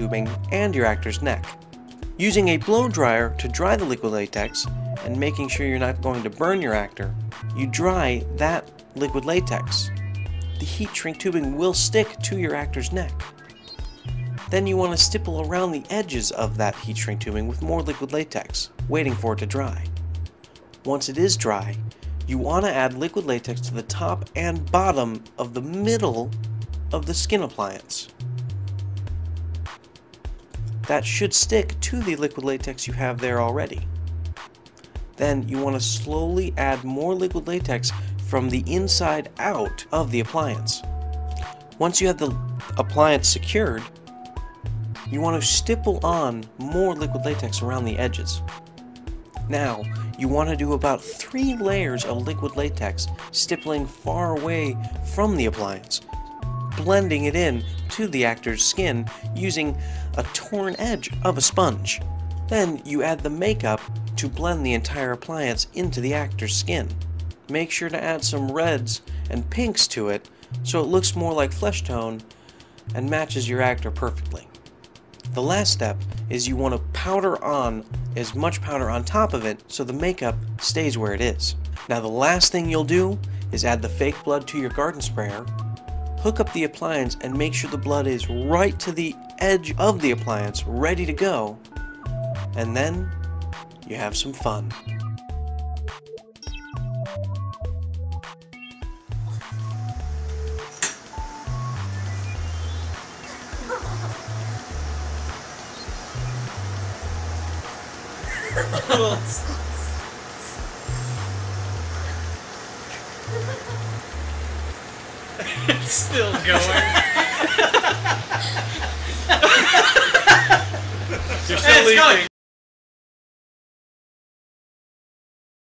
tubing and your actor's neck. Using a blow dryer to dry the liquid latex and making sure you're not going to burn your actor, you dry that liquid latex. The heat shrink tubing will stick to your actor's neck. Then you want to stipple around the edges of that heat shrink tubing with more liquid latex, waiting for it to dry. Once it is dry, you want to add liquid latex to the top and bottom of the middle of the skin appliance that should stick to the liquid latex you have there already. Then you want to slowly add more liquid latex from the inside out of the appliance. Once you have the appliance secured, you want to stipple on more liquid latex around the edges. Now, you want to do about three layers of liquid latex, stippling far away from the appliance, blending it in to the actor's skin using a torn edge of a sponge. Then you add the makeup to blend the entire appliance into the actor's skin. Make sure to add some reds and pinks to it so it looks more like flesh tone and matches your actor perfectly. The last step is you want to powder on as much powder on top of it so the makeup stays where it is. Now the last thing you'll do is add the fake blood to your garden sprayer hook up the appliance and make sure the blood is right to the edge of the appliance, ready to go. And then you have some fun. it's still going. You're still leaving.